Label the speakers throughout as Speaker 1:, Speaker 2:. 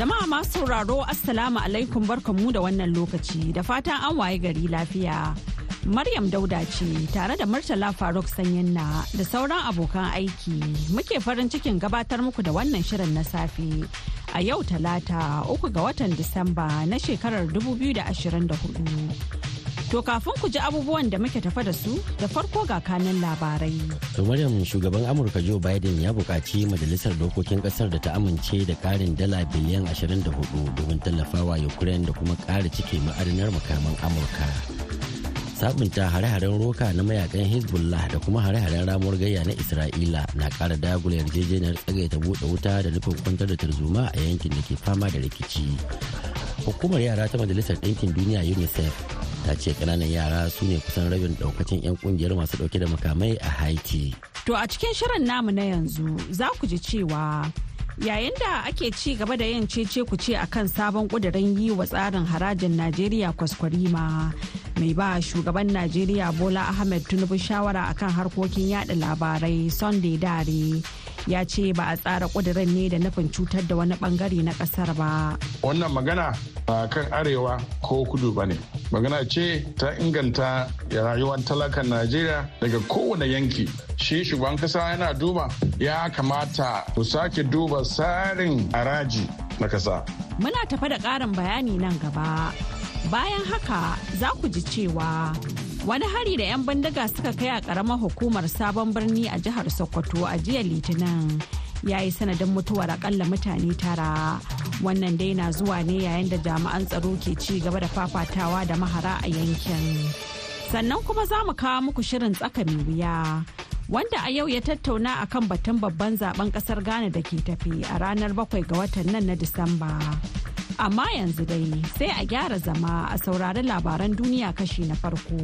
Speaker 1: Jama'a masu sauraro Assalamu alaikum barkanmu da wannan lokaci da fatan an waye gari lafiya. Maryam Dauda ce tare da Murtala Faruk sanyinna da sauran abokan aiki muke farin cikin gabatar muku da wannan shirin na safe a yau talata uku ga watan Disamba na shekarar 2024. To kafin ku ji abubuwan da muke tafa da su da farko ga kanin labarai.
Speaker 2: To Maryam shugaban Amurka Joe Biden ya buƙaci majalisar dokokin ƙasar da ta amince da ƙarin dala biliyan 24 domin tallafawa Ukraine da kuma ƙara cike ma'adanar makaman Amurka. Sabunta hare-haren roka na mayakan Hezbollah da kuma hare-haren ramuwar gayya na Isra'ila na ƙara dagula yarjejeniyar tsagaita buɗe wuta da nufin kwantar da tarzoma a yankin da ke fama da rikici. Hukumar yara ta Majalisar Ɗinkin Duniya UNICEF ta ce kananan yara su ne kusan rabin daukacin 'yan kungiyar masu dauke da makamai a haiti
Speaker 1: to a cikin shirin namu na yanzu za ku ji cewa yayin da ake ci gaba da yin cece ku ce akan sabon kudirin yi wa tsarin harajin najeriya kwaskwarima mai ba shugaban najeriya bola ahmed tinubu shawara akan harkokin yada labarai sunday dare ya ce ba a tsara kudirin ne da nufin cutar da wani bangare na kasar ba.
Speaker 3: Wannan magana ba kan arewa ko kudu ba ne. Magana ce ta inganta rayuwar talakan Najeriya daga kowane yanki. Shi shugaban kasa yana duba ya kamata ku sake duba tsarin haraji na kasa.
Speaker 1: Muna tafa da ƙarin bayani nan gaba. Bayan haka za ku ji cewa wani hari da 'yan bindiga suka kai a karamar hukumar sabon birni a jihar sokoto a jiya litinin ya yi sanadin mutuwar akalla mutane tara wannan dai na zuwa ne yayin da jami'an tsaro ke ci gaba da fafatawa da mahara a yankin sannan kuma za mu kawo muku shirin tsaka mai wuya wanda a yau ya tattauna akan batun babban zaben kasar ghana da ke tafi a ranar bakwai ga watan nan na disamba Amma yanzu dai sai a gyara zama a saurari labaran duniya kashi na farko.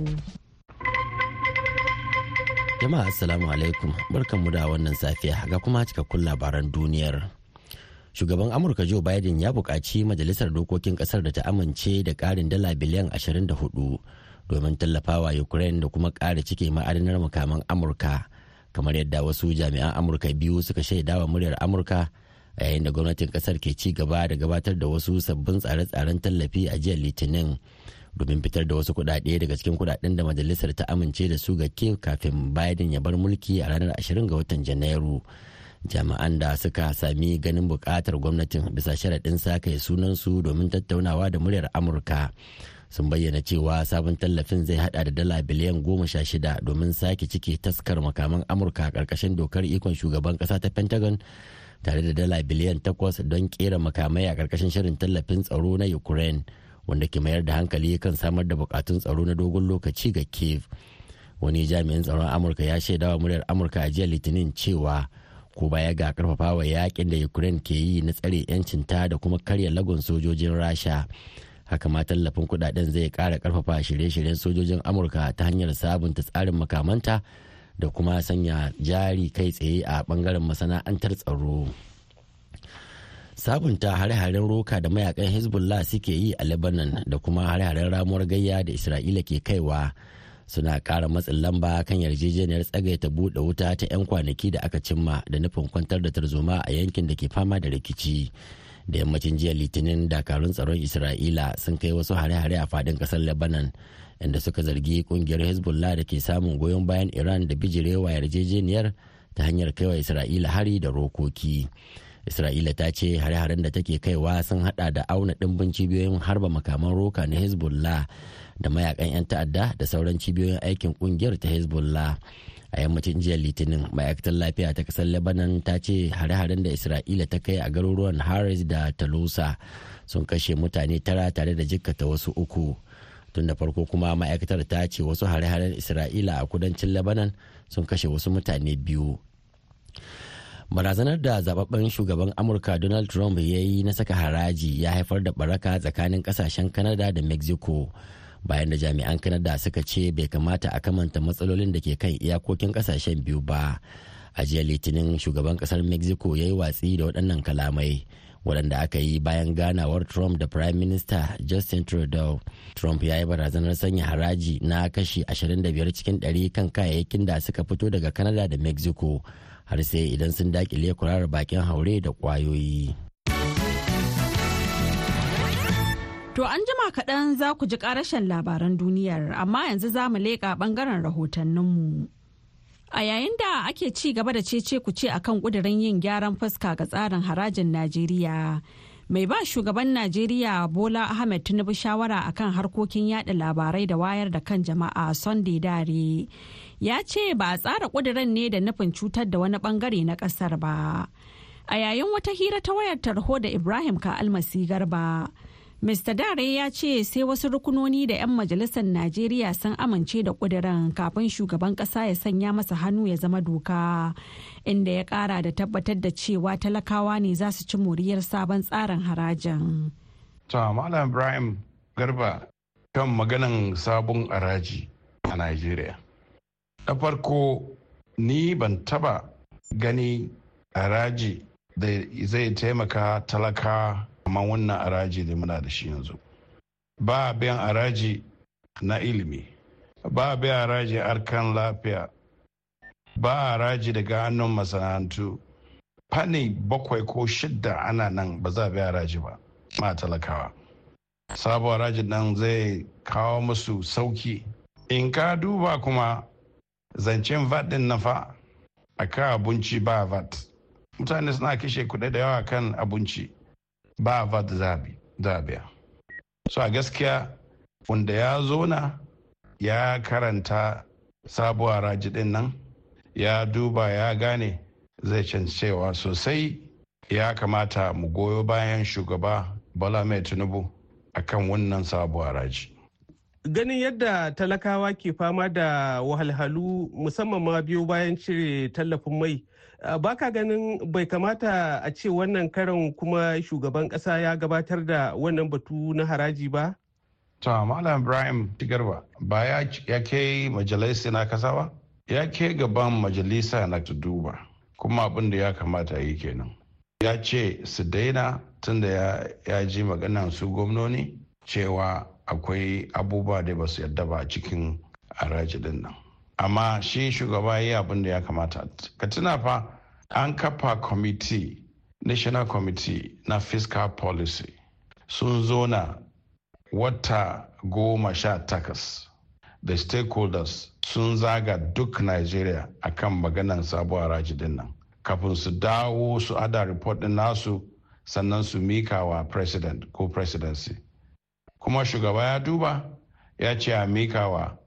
Speaker 2: Jama'a Assalamu alaikum barkanmu da wannan safiya ga kuma cikakkun labaran duniyar. Shugaban Amurka Joe Biden ya buƙaci Majalisar Dokokin Ƙasar da ta amince da ƙarin dala biliyan 24 domin tallafawa Ukraine da kuma ƙara cike ma'adanar makaman Amurka. kamar yadda wasu jami'an amurka biyu suka shaidawa wa muryar amurka a yayin da gwamnatin kasar ke ci gaba da gabatar da wasu sabbin tsare-tsaren tallafi a jiya litinin domin fitar da wasu kudade daga cikin kudaden da majalisar ta amince da su ga ke kafin biden ya bar mulki a ranar 20 ga watan janairu jami'an da suka sami ganin bukatar gwamnatin bisa sharaɗin sa kai sunansu domin tattaunawa da muryar amurka sun bayyana cewa sabon tallafin zai hada da dala biliyan goma sha shida domin sake cike taskar makaman amurka karkashin dokar ikon shugaban kasa ta pentagon tare da dala biliyan takwas don kera makamai a ƙarƙashin shirin tallafin tsaro na ukraine wanda ke mayar da hankali kan samar da bukatun tsaro na dogon lokaci ga kiev wani jami'in tsaron amurka ya shaidawa muryar amurka a jiya litinin cewa ko baya ga karfafa wa yakin da ukraine ke yi na tsare yancin ta da kuma karya lagon sojojin rasha haka ma tallafin kudaden zai kara karfafa shirye-shiryen sojojin amurka ta hanyar sabunta tsarin makamanta da kuma sanya jari kai tsaye a bangaren masana'antar tsaro sabunta hare-haren roka da mayakan hezbollah suke yi a lebanon da kuma hare-haren ramuwar gayya da isra'ila ke kaiwa suna ƙara matsin lamba kan yarjejeniyar tsagaita buɗe wuta ta 'yan kwanaki da aka cimma da nufin kwantar da tarzoma a yankin da ke fama da rikici da yammacin jiya litinin dakarun tsaron isra'ila sun kai wasu hare-hare a faɗin ƙasar lebanon inda suka zargi kungiyar hezbollah da ke samun goyon bayan iran da bijirewa yarjejeniyar ta hanyar kaiwa isra'ila hari da rokoki isra'ila ta ce hare-haren da take kaiwa sun hada da auna dimbin cibiyoyin harba makaman roka na hezbollah da mayakan 'yan ta'adda da sauran cibiyoyin aikin kungiyar ta hezbollah a yammacin jiya litinin ma'aikatar lafiya ta kasar lebanon ta ce hare-haren da isra'ila ta kai a garuruwan haris da talusa sun kashe mutane tara tare da jikkata wasu uku tun da farko kuma ma'aikatar ta ce wasu hare-haren isra'ila a kudancin lebanon sun kashe wasu mutane biyu barazanar da zababben shugaban amurka donald trump ya yi na saka haraji ya haifar da baraka tsakanin kasashen canada da mexico bayan da jami'an canada suka ce bai kamata a kamanta matsalolin da ke kan iyakokin kasashen biyu ba a jiya litinin shugaban kasar mexico ya yi watsi da waɗannan kalamai waɗanda aka yi bayan ganawar Trump da Prime Minister Justin Trudeau. Trump ya yi barazanar sanya haraji na kashi 25 cikin 100 kan kayayyakin da suka fito daga Canada da Mexico har sai idan sun dakile kurar bakin haure da kwayoyi.
Speaker 1: To an jima kaɗan za ku ji ƙarashen labaran duniyar amma yanzu za mu leƙa ɓangaren rahotanninmu. A yayin da ake ci gaba da cece ce akan kudirin yin gyaran fuska ga tsarin harajin Najeriya. Mai ba shugaban Najeriya Bola Ahmed Tinubu shawara akan harkokin yada labarai da wayar da kan jama'a Sunday Dare. Ya ce ba a tsara kudirin ne da nufin cutar da wani bangare na ƙasar ba. A yayin wata hira ta wayar tarho da Ibrahim Ka Almasi Garba. Mr. Dare ya ce sai wasu rukunoni da 'yan majalisar Najeriya sun amince da ƙudurin kafin shugaban ƙasa ya sanya masa hannu ya zama doka, inda ya ƙara da tabbatar da cewa talakawa ne za su ci moriyar sabon tsarin harajin.
Speaker 3: Ta Malam Ibrahim Garba kan maganan sabon haraji a Najeriya. Da farko ni ban taba gani haraji da zai taimaka talaka amma wannan araji da muna da shi yanzu ba biyan araji na ilimi ba biyan araji arkan lafiya ba araji daga hannun masana'antu fane bakwai ko shidda ana nan ba za a biya araji ba ma talakawa sabon araji nan zai kawo musu sauki in ka duba kuma zancen vat din na a kan abinci ba vat mutane suna kishe kuɗi da yawa kan abinci ba vat za biya so a gaskiya wanda ya zona ya karanta sabuwa raji din nan ya duba ya gane zai cancewa sosai ya kamata mu goyo bayan shugaba bala mai tinubu akan wannan sabuwa raji
Speaker 4: ganin yadda talakawa ke fama da wahalhalu musamman ma biyo bayan cire tallafin mai Eh, baka ganin bai kamata a ce wannan karan kuma shugaban kasa ya gabatar da wannan batu na haraji ba? ta malam ibrahim tigarba ba
Speaker 3: ya ke majalisa na kasa ba ya ke gaban majalisa na duba kuma abin da ya kamata yi kenan ya ce su daina tunda ya ji maganan su gwamnoni cewa akwai abubuwa da ba su yadda ba cikin haraji din nan amma shi shugaba ya yi abin da ya kamata ka tuna fa an kafa kwamiti national committee na fiscal policy sun zo na wata goma sha takas The stakeholders sun zaga duk nigeria akan maganan sabuwar rajidin nan kafin su dawo su ada report din nasu sannan su mika wa president ko presidency kuma shugaba ya duba ya ce a mika wa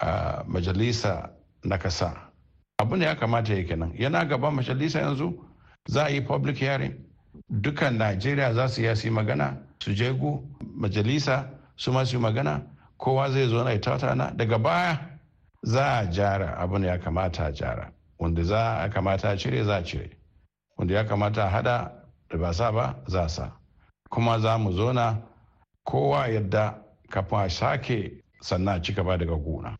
Speaker 3: a majalisa na kasa abu ne ya kamata ya kenan yana gaba majalisa yanzu za a yi public hearing dukan najeriya za su yi magana su jego majalisa su masu magana kowa zai zo na ita na daga baya za a jara ne ya kamata a jara wanda za a kamata a cire za a cire wanda ya kamata a hada da ba sa ba za sa kuma za mu zona kowa yadda kafin a sake sannan a ci gaba daga
Speaker 5: gona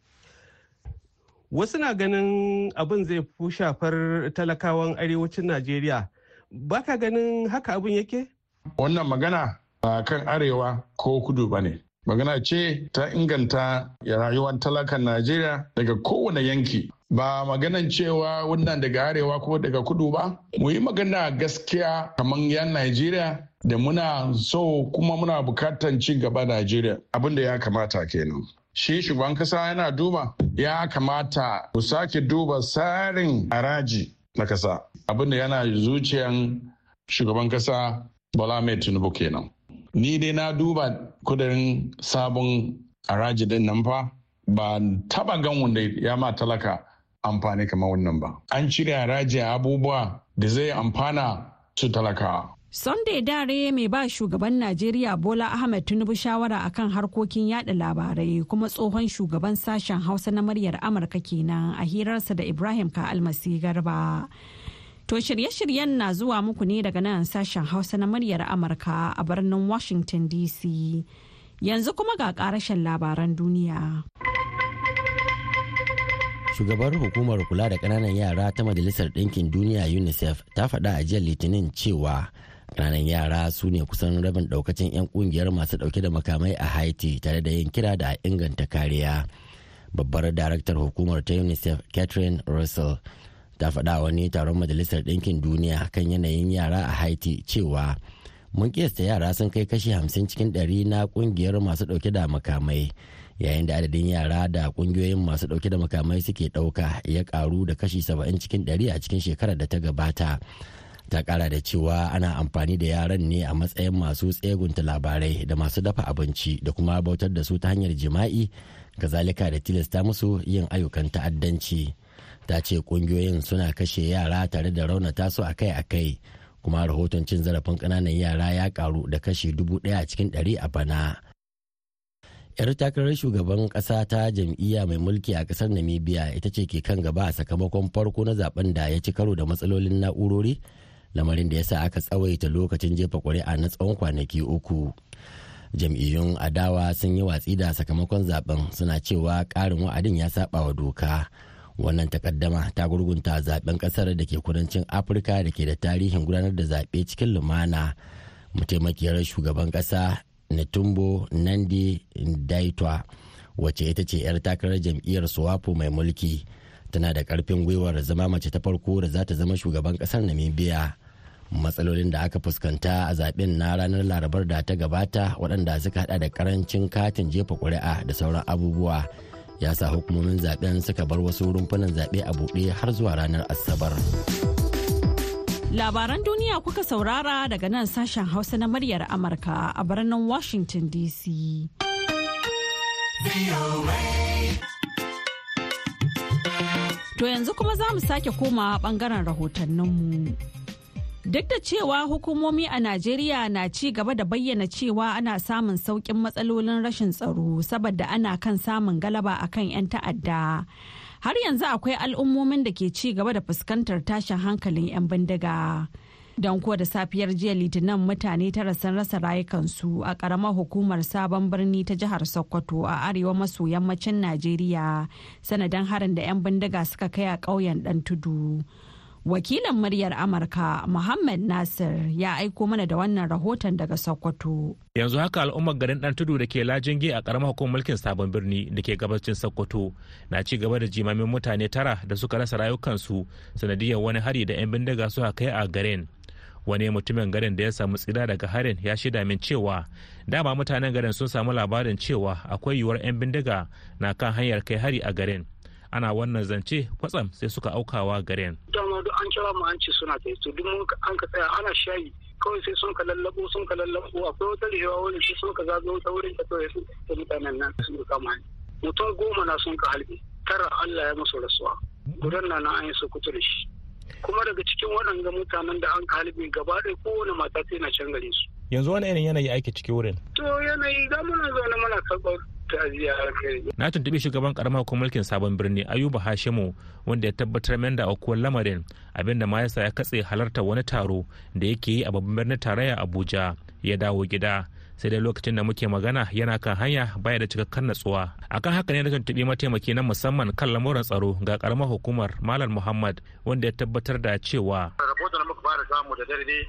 Speaker 4: wasu na ganin abin zai fi shafar talakawan arewacin najeriya baka ganin haka abin yake wannan magana ba kan arewa
Speaker 3: ko kudu ba ne magana ce ta inganta rayuwar talakan najeriya daga kowane yanki ba maganan cewa wannan daga arewa ko daga kudu ba mu yi magana gaskiya kamar yan najeriya da muna so kuma muna bukatan ci gaba najeriya abin da ya kamata kenan shi shugaban kasa yana duba ya kamata ku sake duba tsarin haraji na kasa abinda yana zuciyan shugaban kasa Bala mai tinubu kenan ni dai na duba kudirin sabon haraji din nan fa ba taba gan wanda ya ma talaka amfani kamar wannan ba an cire haraji a abubuwa da zai amfana su talakawa
Speaker 1: Sunday dare mai ba shugaban Najeriya Bola Ahmed Tinubu shawara akan harkokin yada labarai kuma tsohon shugaban sashen Hausa na muryar Amurka kenan a hirarsa da Ibrahim Almasi Garba. To shirye-shiryen na zuwa muku ne daga nan sashen Hausa na muryar Amurka a birnin Washington DC. Yanzu kuma ga karashen labaran duniya.
Speaker 2: Shugabar hukumar kula da ƙananan yara ta Majalisar Ɗinkin Duniya UNICEF ta faɗa a jiya Litinin cewa ranar yara su ne kusan rabin daukacin 'yan kungiyar masu dauke da makamai a haiti tare da yin kira da inganta kariya babbar daraktar hukumar ta unicef catherine russell ta faɗa wani taron majalisar ɗinkin duniya kan yanayin yara a haiti cewa mun kiyasta yara sun kai kashi hamsin cikin ɗari na kungiyar masu dauke da makamai yayin da adadin yara da kungiyoyin masu dauke da makamai suke dauka ya karu da kashi 70 cikin 100 a cikin shekarar da ta gabata ta kara da cewa ana amfani da yaran ne a matsayin masu tsegunta labarai da masu dafa abinci da kuma bautar da su ta hanyar jima'i kazalika da tilasta musu yin ayyukan ta'addanci ta ce kungiyoyin suna kashe yara tare da raunata su akai-akai kuma rahoton cin zarafin ƙananan yara ya karu da kashi dubu ɗaya cikin ɗari a bana. 'yar takarar shugaban ƙasa ta jam'iyya mai mulki a ƙasar namibia ita ce ke kan gaba a sakamakon farko na zaben da ya ci karo da matsalolin na'urori lamarin da ya sa aka tsawaita lokacin jefa ƙuri'a na tsawon kwanaki uku jam'iyyun adawa sun yi watsi da sakamakon zaben suna cewa ƙarin wa'adin ya saba wa doka wannan takaddama ta gurgunta zaben ƙasar da ke kudancin afirka da ke da tarihin gudanar da zaɓe cikin lumana mataimakiyar shugaban ƙasa netumbo nandi daitwa wacce ita ce 'yar takarar jam'iyyar suwapo mai mulki tana da karfin gwiwar zama mace ta farko da za ta zama shugaban kasar namibia matsalolin da aka fuskanta a zaben na ranar larabar da ta gabata waɗanda suka hada da karancin katin jefa ƙuri'a da sauran abubuwa ya sa hukumomin zaben suka bar wasu rumfunan zaɓe a buɗe har zuwa ranar asabar
Speaker 1: labaran duniya kuka saurara daga nan sashen hausa na muryar amurka a birnin washington dc To yanzu kuma za mu sake komawa bangaren rahotanninmu. Duk da cewa hukumomi a Najeriya na ci gaba da bayyana cewa ana samun saukin matsalolin rashin tsaro saboda ana kan samun galaba a kan 'yan ta'adda. Har yanzu akwai al'ummomin da ke ci gaba da fuskantar tashin hankalin 'yan bindiga. Don ko da safiyar jiya litinin mutane tara sun rasa rayukansu a ƙaramar hukumar sabon birni ta jihar Sokoto a arewa maso yammacin Najeriya sanadin harin da 'yan bindiga suka kai a ƙauyen ɗan tudu. Wakilin muryar Amurka Muhammad Nasir ya aiko mana da wannan rahoton daga Sokoto.
Speaker 6: Yanzu haka al'ummar garin dan tudu da ke Lajinge a karamar hukumar mulkin sabon birni da ke gabacin Sokoto na ci gaba da jimamin mutane tara da suka rasa rayukansu sanadiyar wani hari da 'yan bindiga suka kai a garin. Wani mutumin garin da ya samu tsira daga harin ya shida min cewa dama mutanen garin sun samu labarin cewa akwai yiwuwar 'yan bindiga na kan hanyar kai hari a garin. Ana wannan zance kwatsam sai suka aukawa garin.
Speaker 7: kira mu an ce suna kai to duk mun an ka tsaya ana shayi kawai sai sun ka lallabo sun ka lallabo akwai wata rihewa wani shi sun ka zazo ta wurin ka kawai sun ka mutanen nan sun ka kama ni mutum goma na sun ka halbe tara Allah ya musu rasuwa gudan na na an yi su da shi kuma daga cikin waɗanda mutanen da an halbe gaba ɗaya kowane mata sai na can gare su
Speaker 6: yanzu wani irin yanayi ake ciki wurin
Speaker 7: to yanayi ga muna zaune muna karɓar
Speaker 6: na tuntubi shugaban karamar hukumar mulkin sabon birni ayuba hashimu wanda ya tabbatar min da akwai lamarin abinda ma yasa ya katse halarta wani taro da yake yi a babban birnin tarayya abuja ya dawo gida sai dai lokacin da muke magana yana kan hanya baya da cikakken natsuwa akan haka ne na tuntuɓi mataimaki na musamman kan lamuran tsaro ga karamar hukumar malam muhammad wanda ya tabbatar da cewa
Speaker 7: rahoton da muka fara samu da dare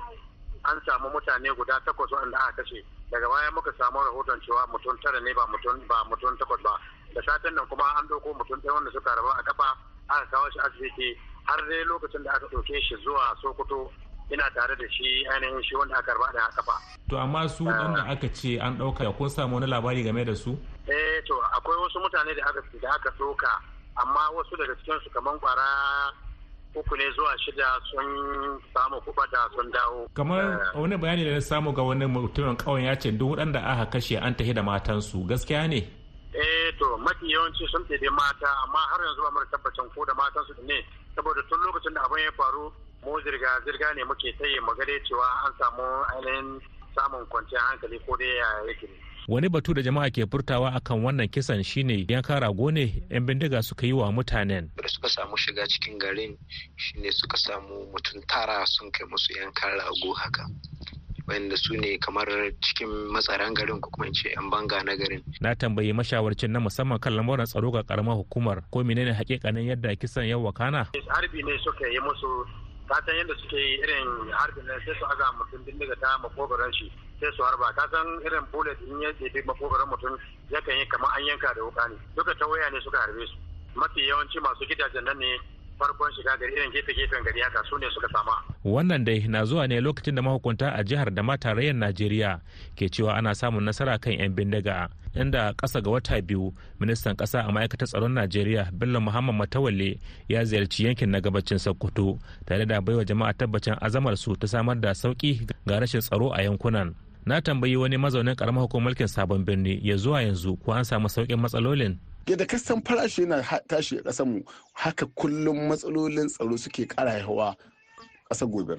Speaker 7: an samu mutane guda takwas wanda aka kashe daga baya muka samu rahoton cewa mutum tara ne ba mutum ba mutum takwas ba da satin nan kuma an ɗauko mutum ɗaya wanda suka raba a kafa aka kawo shi asibiti har dai lokacin da aka ɗauke shi zuwa sokoto ina tare da shi ainihin shi wanda aka raba a kafa.
Speaker 6: to amma su ɗan da aka ce an ɗauka kun samu wani labari game da su.
Speaker 7: eh to akwai wasu mutane da aka da aka ɗauka amma wasu daga cikinsu kamar kwara uku ne zuwa shida sun samu da sun dawo.
Speaker 6: Kamar eh. wani bayani da na samu ga wani mutumin kawai ya ce duk waɗanda aka kashe an tafi da matansu gaskiya ne?
Speaker 7: Eh to mafi yawanci sun ɗaiɗe mata amma har yanzu ba mu tabbacin ko da matansu ne saboda tun lokacin da abin ya faru mu zirga zirga ne muke tayi magare cewa an samu ainihin samun kwanciyar hankali ko dai ya yake ne.
Speaker 6: wani batu da jama'a ke furtawa akan wannan kisan shine ya rago ne yan bindiga suka yi wa mutanen da suka samu shiga cikin garin shine suka samu mutum tara sun kai musu kara rago haka wanda su ne kamar cikin
Speaker 7: matsaran garin ko kuma ce yan banga na garin.
Speaker 6: Na tambayi mashawarcin na musamman kan lamuran tsaro ga karamar hukumar ko menene hakikanin yadda kisan yau wakana?
Speaker 7: Harbi ne suka yi musu fatan yadda suke irin harbin nan sai su aga mutum bindiga ta makogaran shi sai su harba ka san irin bullet in ya ɗebi makogaron mutum yakan yi kamar an yanka da wuka ne duka ta waya ne suka harbe su mafi yawanci masu gidajen nan ne farkon shiga gari irin gefe-gefen gari haka su ne suka sama.
Speaker 6: Wannan dai na zuwa ne lokacin da mahukunta a jihar da ma tarayyar Najeriya ke cewa ana samun nasara kan 'yan bindiga. Inda kasa ga wata biyu, ministan ƙasa a ma'aikatar tsaron Najeriya Bello Muhammad Matawalle ya ziyarci yankin na gabacin Sokoto tare da baiwa jama'a tabbacin azamar su ta samar da sauki ga rashin tsaro a yankunan. na tambayi wani mazaunin karamar hukumar mulkin sabon birni ya zuwa yanzu ko an samu sauƙin matsalolin
Speaker 8: yadda kasan
Speaker 9: farashi yana tashi a kasanmu haka kullum matsalolin tsaro suke ƙara haihuwa ƙasar gobe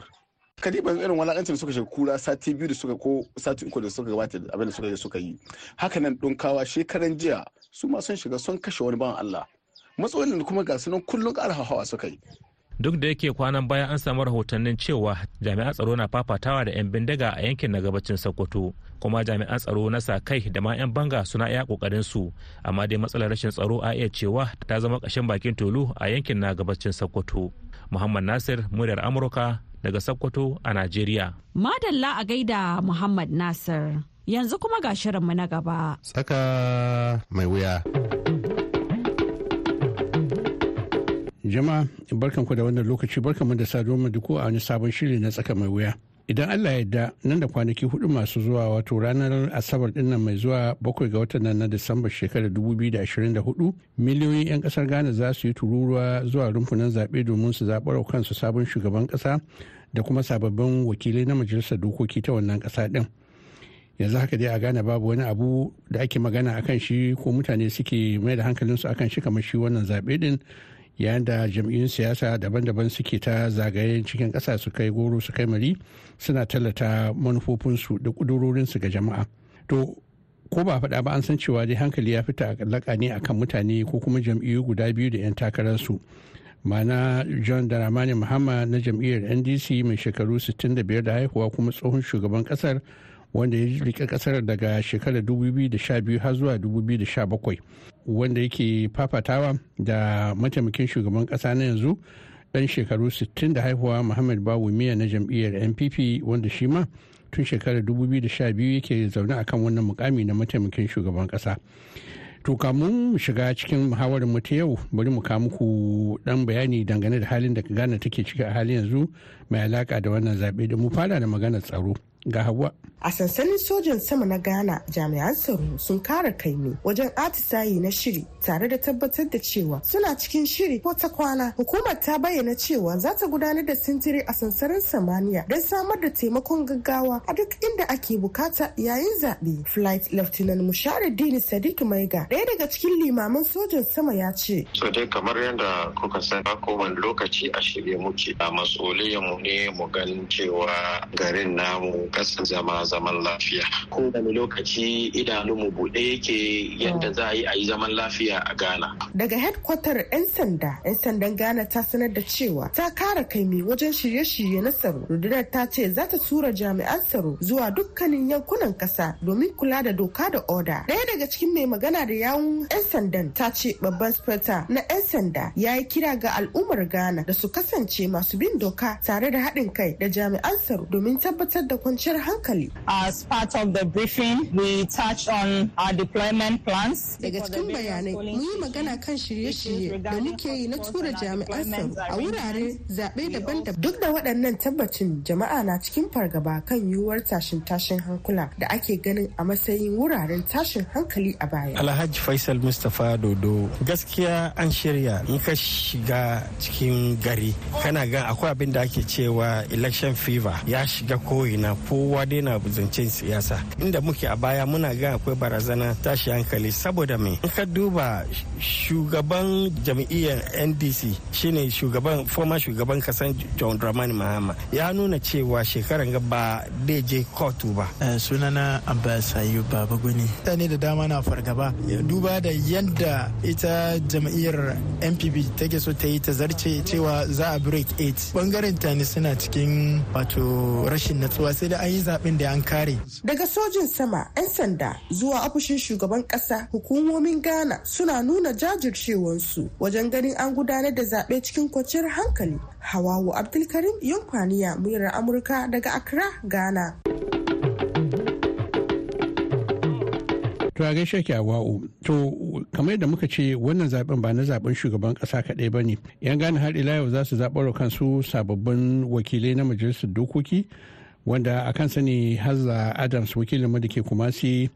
Speaker 9: ban irin walakancin suka shiga kura sati biyu da suka ko sati uku da suka gabata da abin da suka suka yi haka nan dunkawa shekaran jiya su ma sun shiga sun kashe wani ban Allah matsalolin kuma ga sunan kullun ƙara hawa suka yi
Speaker 6: duk da yake kwanan baya an samu rahotannin cewa jami'an tsaro na fafatawa da 'yan bindiga a yankin na gabacin sokoto kuma jami'an tsaro na sa kai da ma 'yan banga suna iya kokarin su amma dai matsalar rashin tsaro a iya cewa ta zama ƙashin bakin tolu a yankin na gabacin sokoto muhammad nasir muryar amurka daga sokoto a najeriya
Speaker 1: madalla a gaida muhammad nasir yanzu kuma ga shirinmu na gaba
Speaker 6: Saka mai wuya
Speaker 5: jama'a barkanku da wannan lokaci mu da saduwa mu duku a wani sabon shiri na tsaka mai wuya idan allah ya yadda nan da kwanaki hudu masu zuwa wato ranar asabar dinnan mai zuwa bakwai ga watan nan na disamba shekarar 2024 miliyoyin 'yan kasar ghana za su yi tururuwa zuwa rumfunan zaɓe domin su zaɓar kansu sabon shugaban kasa da kuma sababbin wakilai na majalisar dokoki ta wannan kasa ɗin yanzu haka dai a gane babu wani abu da ake magana akan shi ko mutane suke mai da hankalinsu akan shi kamar shi wannan zaɓe din. yayin da jam'iyyun siyasa daban-daban suke ta zagayen cikin ƙasa su kai goro su kai mari suna tallata manufofinsu da ƙudurorinsu ga jama'a to ko ba faɗa ba an san cewa dai hankali ya fita a ne akan mutane ko kuma jam'iyyu guda biyu da 'yan takararsu mana john daramani muhammad na jam'iyyar ndc mai shekaru 65 da haihuwa kuma tsohon shugaban ƙasar wanda ya rike kasar daga shekarar 2012 har zuwa 2017 wanda yake fafatawa da mataimakin shugaban kasa na yanzu dan shekaru 60 da haihuwa muhammad bawu miya na jam'iyyar npp wanda shi ma tun shekarar 2012 yake zaune akan wannan mukami na mataimakin shugaban kasa to kamun shiga cikin muhawarar mu ta yau bari mu kawo muku dan bayani dangane da halin da gane take ciki a halin yanzu mai alaka da wannan zaɓe da mu fara da maganar tsaro ga hawa
Speaker 10: a sansanin sojan sama na ghana jami'an tsaro sun kara kai ne. wajen atisayi na shiri tare da tabbatar da cewa suna cikin shiri ko ta kwana hukumar ta bayyana cewa za ta gudanar da sintiri a sansanin samaniya don samar da taimakon gaggawa a duk inda ake bukata yayin zaɓe flight lieutenant mushari dini sadiq maiga ɗaya daga cikin limaman sojan sama ya ce
Speaker 7: so dai kamar yadda kuka san kowane lokaci a shirye muke a masoliyan ne mu ganin cewa garin namu ƙasar zama zaman lafiya
Speaker 4: kowane lokaci idanunmu buɗe yake yadda oh. za a yi a yi zaman lafiya a ghana
Speaker 10: daga headkwatar 'yan sanda 'yan sandan ghana ta sanar da cewa ta kara kaimi wajen shirye-shirye na tsaro rundunar ta ce za ta tura jami'an tsaro zuwa dukkanin yankunan ƙasa domin kula da doka da oda ɗaya daga cikin mai magana da yawun 'yan sandan ta ce babban speta na 'yan sanda ya yi kira ga al'ummar ghana da su kasance masu bin doka tare da haɗin kai da jami'an tsaro domin tabbatar da kwanciyar kwanciyar hankali.
Speaker 8: As part of
Speaker 10: the briefing, we touched on our deployment plans. Daga cikin bayanai, mun yi magana kan shirye-shirye da muke yi na tura jami'an tsaro a wurare zaɓe daban-daban. Duk da waɗannan tabbacin jama'a na cikin fargaba kan yiwuwar tashin tashin hankula da ake ganin a matsayin wuraren tashin hankali a baya.
Speaker 4: Alhaji Faisal Mustapha Dodo gaskiya an shirya in ka shiga cikin gari kana ga akwai abin da ake cewa election fever ya shiga ko'ina kowa daina zancen siyasa inda muke a baya muna ga akwai barazana tashi hankali saboda me in ka duba shugaban jam'iyyar ndc shine shugaban former shugaban kasan john dramani mahama ya nuna cewa shekaran ba da je kotu ba
Speaker 9: eh, sunana abbas
Speaker 4: ayub baba guni
Speaker 9: da dama na fargaba duba da yadda ita jam'iyyar npp take so ta yi ta zarce cewa za a break 8 bangaren ne suna cikin wato rashin natsuwa sai da a yi zaben da an kare.
Speaker 10: Daga sojin sama, 'yan sanda zuwa ofishin shugaban ƙasa hukumomin Ghana suna nuna jajircewarsu wajen ganin an gudanar da zaɓe cikin kwanciyar hankali. Hawawu Abdulkarim Yunfaniya muyar Amurka daga Accra, Ghana.
Speaker 5: To a gaishe To kamar da muka ce wannan zaben ba na zaben shugaban kasa kaɗai ba ne. Yan gane har ila yau za su zaɓar kansu sababbin wakilai na majalisar dokoki wanda a kansa ne hazza adams wakilinmu da ke kumasi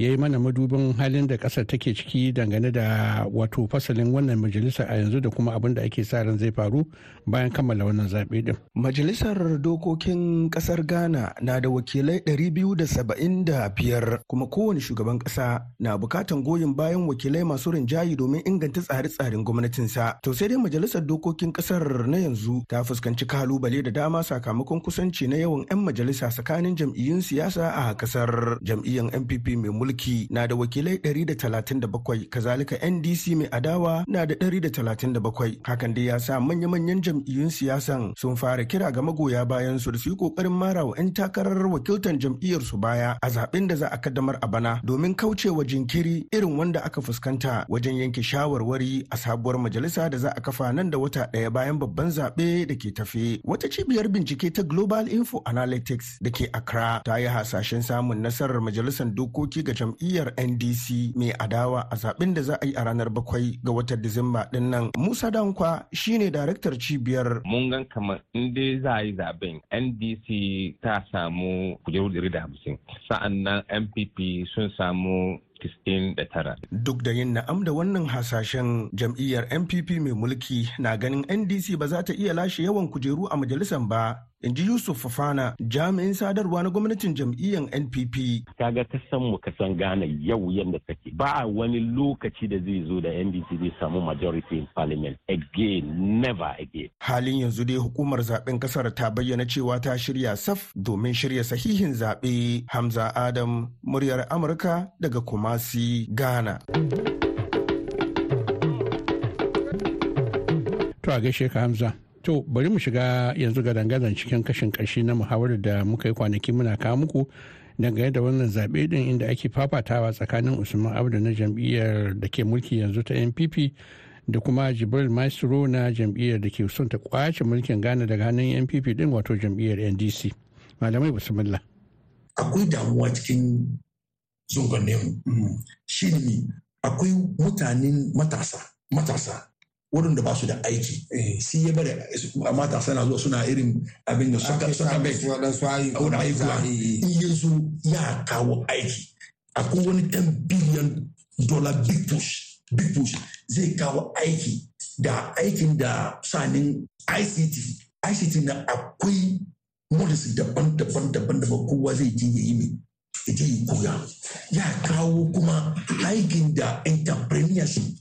Speaker 5: ya yi mana madubin halin da kasar take ciki dangane da wato fasalin
Speaker 4: wannan majalisa a yanzu da kuma abin da ake sa ran zai faru bayan kammala wannan zaɓe din. Majalisar dokokin kasar Ghana na da wakilai biyu da da saba'in biyar kuma kowane shugaban ƙasa na bukatan goyon bayan wakilai masu rinjayi domin inganta tsare-tsaren gwamnatinsa. To sai dai majalisar dokokin ƙasar na yanzu ta fuskanci kalubale da dama sakamakon kusanci na yawan 'yan majalisa tsakanin jam'iyyun siyasa a kasar jam'iyyar NPP mai mulki mulki na da wakilai 137 kazalika ndc mai adawa na da 137 hakan dai ya sa manya-manyan jam'iyyun siyasan sun fara kira ga magoya bayan su da su yi kokarin mara wa 'yan takarar wakiltar jam'iyyar su baya a zaɓen da za a kaddamar a bana domin kaucewa jinkiri irin wanda aka fuskanta wajen yanke shawarwari a sabuwar majalisa da za a kafa nan da wata ɗaya bayan babban zaɓe da ke tafe wata cibiyar bincike ta global info analytics da ke accra ta yi hasashen samun nasarar majalisar dokoki ga jam'iyyar ndc mai adawa a zaɓen da za a yi a ranar bakwai ga watan disamba ɗin nan musa dankwa shine daraktar cibiyar
Speaker 7: mun gan kamar in dai
Speaker 8: za a yi zaɓen ndc ta samu kujeru 150 sa'an nan mpp sun samu tara.
Speaker 4: Duk da yin na'am da wannan hasashen jam'iyyar MPP mai mulki na ganin NDC ba za ta iya lashe yawan kujeru a majalisar ba in ji yusuf fafana jami'in sadarwa na gwamnatin jam'iyyar npp kaga ka san mu kasan san gane yau yadda take ba a wani lokaci da zai zo da ndc zai samu majority in parliament again never again halin yanzu dai hukumar zaben kasar ta bayyana cewa ta shirya saf domin shirya sahihin zaɓe hamza adam muryar amurka daga kumasi ghana
Speaker 5: to a gaishe ka hamza To bari mu shiga yanzu ga dangazan cikin kashin ƙarshe na muhawarar da muka yi kwanaki muna kawo muku dangane da wannan zaɓe ɗin inda ake fafatawa tsakanin Usman Abdu na jam'iyyar da ke mulki yanzu ta NPP da kuma Jibril Maestro na jam'iyyar da ke son ta kwace mulkin Ghana daga hannun NPP ɗin wato jam'iyyar NDC. Malamai bismillah. Akwai damuwa cikin zogale hmm. shi ne akwai mutanen matasa
Speaker 9: matasa wurin da ba su da aiki eh. shi ya bari a matasa na zuwa suna irin abin da suka bai
Speaker 8: a wani aikuwa in zo
Speaker 9: ya kawo aiki akwai wani 10 biliyan dola big push big push zai kawo aiki da aikin da sanin ict ict na akwai modis daban-daban daban-daban kowa zai je ya yi mai ya ya kawo kuma aikin da entrepreneurship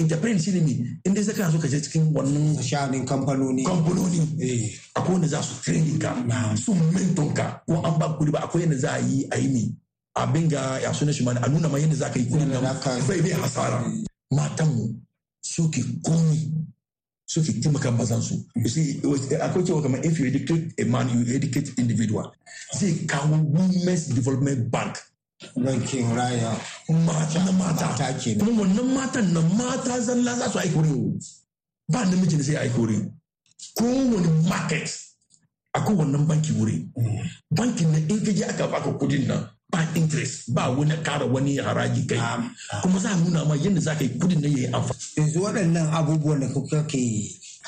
Speaker 9: entrepreneur shine me in dai saka so ka je cikin wannan shanin kamfanoni kamfanoni eh. akwai wanda za su training ka su mentor ka ko an ba kudi ba akwai yadda za a yi a yi ne abin ga ya suna shi mana a nuna ma yadda za ka yi kudin nan bai bai hasara matanmu suke komi suke taimaka mazan su you see akwai cewa kamar if you educate a man you educate individual zai kawo women's development bank rankin raya na mata kuma wannan matan nan mata zalla za su aiki wurin ba namiji mijin sai aiki wurin kowane market a wannan banki wuri mm. bankin na in kaje aka baka kudin nan ba interest
Speaker 8: ba wani kara wani haraji kai kuma za a nuna ma yadda za ka yi kudin nan ya yi amfani yanzu waɗannan abubuwan da kuka ke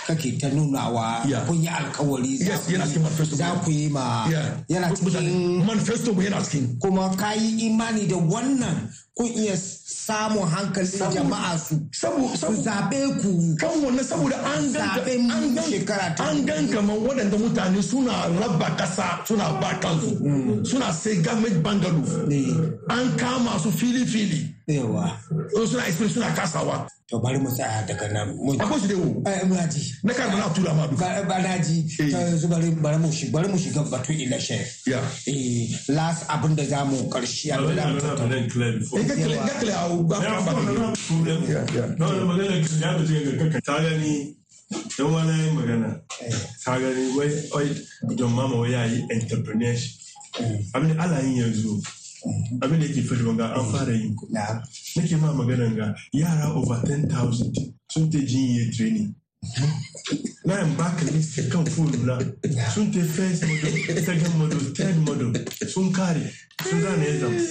Speaker 8: kake ta nunawa kun yi alkawari za ku yi ma yana cikin manifesto yana cikin kuma ka yi imani da wannan kun iya samun hankalin jama'a su zaɓe ku kan wannan saboda an ganka shekara ta an gan kamar waɗanda
Speaker 9: mutane suna raba ƙasa suna ba kansu mm. suna sai government bangalore
Speaker 8: an kama su fili-fili yawa suna suna kasawa to bari mu tsaya daga nan mu akwai shi da yau eh mu ji na kai mana tura ma duka ba na ji eh. to yanzu bari mu shi bari mu shiga batun election yeah eh last abin da zamu karshe abin da mu tattauna eh
Speaker 9: ka
Speaker 8: kile ka kile au ba ba ba
Speaker 9: no no magana ya da je ga ta gani dan wani magana ta eh. gani wai wai don mama wai yayi entrepreneurship eh. abin alayin yanzu abin da yake faruwa ga an fara yi nake ma maganan ga yara over 10,000 sun ta jinye training na yin baka list kan phone na sun ta first model second model third model sun kare sun gane exams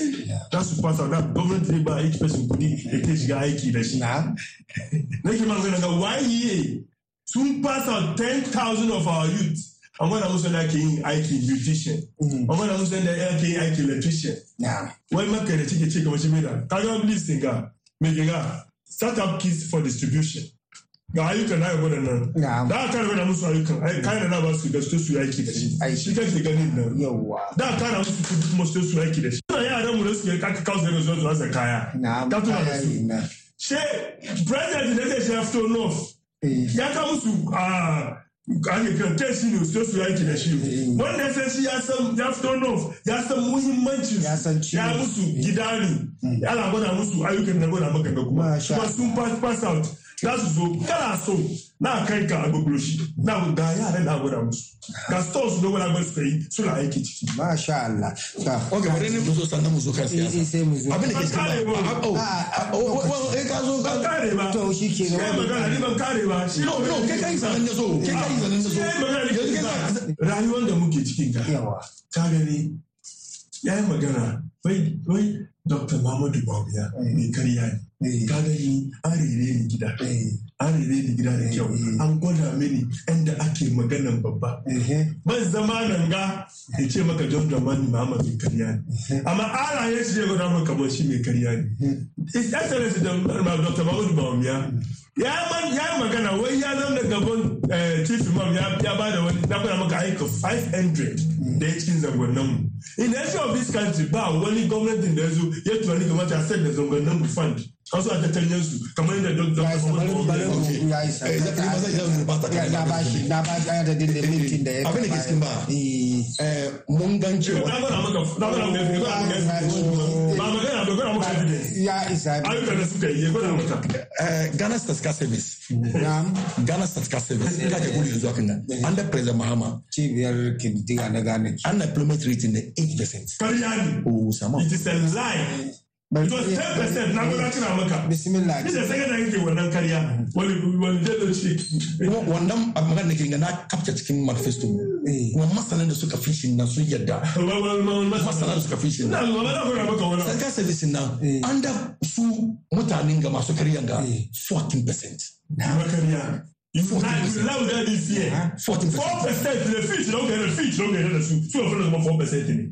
Speaker 9: za su fasa da gwamnati zai ba each person kudi da ta shiga aiki da shi nake ma maganan ga waye sun fasa 10,000 of our youth an gwada musu da in yin aikin beautician an gwada musu da ake yin aikin mm-hmm. electrician wani maka da cike cika mace mai da kaga listin ga mai ga startup kits for distribution ga ayyukan na gaba da nan da aka kara gwada musu ayyukan mm-hmm. kayan da na ba su ga su aiki da shi shi kake ganin nan da aka musu kudi kuma su aiki da shi suna yaran mu da su aka kawo zai zuwa zuwa da kaya
Speaker 8: ta tuna da su
Speaker 9: she president da zai shi ya fito north eh. ya kawo ah, ake kan test ne sai su yaki da shi wanda ya san shi ya san ya ya san muhimmancin ya musu gida ne ya gwada musu ayyukan na gwada maka da kuma kuma sun pass pass out za su zo kana so na kai ka shi na ga yare na gura musu ga stores su dogara gwada suka yi suna aiki ciki masha Allah ta oga bare ne mu zo sannan mu zo kan eh, eh, siyasa sai mu zo abin da ke cikin ba a o kai ka zo ka kare ba to shi ke ga magana ni ban kare ba shi no no ke kai sanan ne zo ke kai sanan da so rayuwar da muke cikin ka yawa ka gani yayin magana wai wai dr mamadu babuya eh. mai karya ne eh. ka gani an rere ni gida eh. an rere ni gida da kyau an gwada mini inda ake maganan babba ban zama nan ga ya ce maka john dramani muhammad mai karya ne amma ala ya ce gwada maka kamar shi mai karya ne excellency dr mamadu babuya ya ya magana wai ya zama gaban eh, chief imam ya ba da wani na kuna maka aika 500 da ya cikin zangonnan mu in the history of this country ba wani gwamnatin da ya zo ya tunani kamar ta sai da zangonnan mu fund an suna tattalin su kamar yadda duk da kuma ya yi sai eh, ba zai yi ba ta kai na ba shi na
Speaker 8: ba da da da mintin da ya abin
Speaker 9: da ke ba eh, mun gan cewa na gana maka na gana maka ba ba magana ba gana maka evidence ya isa ayyuka da suka yi gana maka eh, Ghana Statistical Service Ghana Statistical Service ina ke gudu zuwa kan nan an da president Mahama cibiyar kididdiga na Ghana unemployment rate ne 8% kariya ne sama it is a lie to 10% na guda tuna maka bismillah ni da sai da wannan karya wani wani da shi wannan abin da kinga na kafta cikin manifesto kuma masanan da suka fishin nan sun yadda masanan da suka fishin nan Allah ba da fara maka wannan sai service nan an su mutanen ga masu karyan ga 14% na karya 14% 4% le fish, donc le fish, donc le fish, 4% ne.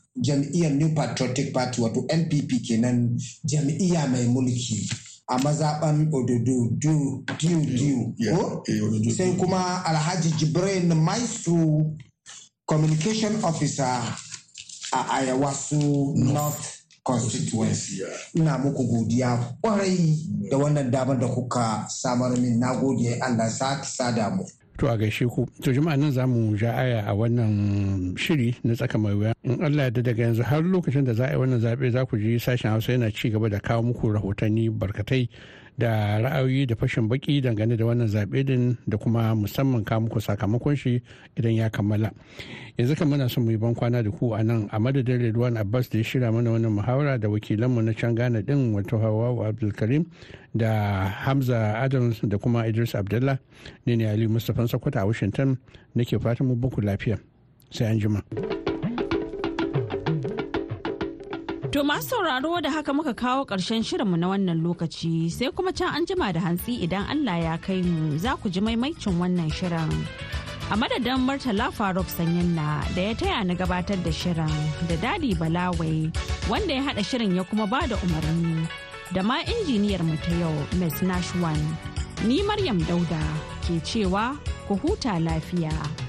Speaker 8: jam'iyyar New Patriotic Party wato NPP kenan jam'iyya mai mulki a mazaɓan Ododo Diu sai kuma Alhaji Jibrin Maisu Communication Officer a Ayawasu North constituency ina muku godiya kwarai da wannan damar da kuka samar min na gode Allah sa ki sada mu To a
Speaker 5: gaishe ku. To jama'a nan za mu ja aya a wannan shiri na tsaka mai wuya. In Allah ya daga yanzu har lokacin da za a yi wannan zaɓe za ku ji sashen Hausa yana ci gaba da kawo muku rahotanni barkatai da ra'ayoyi da fashin baki dangane da wannan zaɓe din da kuma musamman ka muku sakamakon shi idan ya kammala yanzu kan muna son mu yi ban kwana da ku a nan a madadin redwan abbas da ya shirya mana wannan muhawara da wakilanmu na can ghana din wato hawawu abdulkarim da hamza adams da kuma idris abdullah ne ne ali mustapha sokoto a washington nake fatan mu lafiya sai an jima.
Speaker 1: To masu sauraro da haka muka kawo ƙarshen shirinmu na wannan lokaci sai kuma can an jima da hantsi idan Allah ya kai mu za ku ji maimaicin wannan shirin. A madadin Murtala Faruk Sanyinna da ya taya ni gabatar da shirin da Dadi Balawai wanda ya haɗa shirin ya kuma ba da umarni da ma injiniyar mu ta yau Ms. Nashwan. Ni Maryam Dauda ke cewa ku huta lafiya.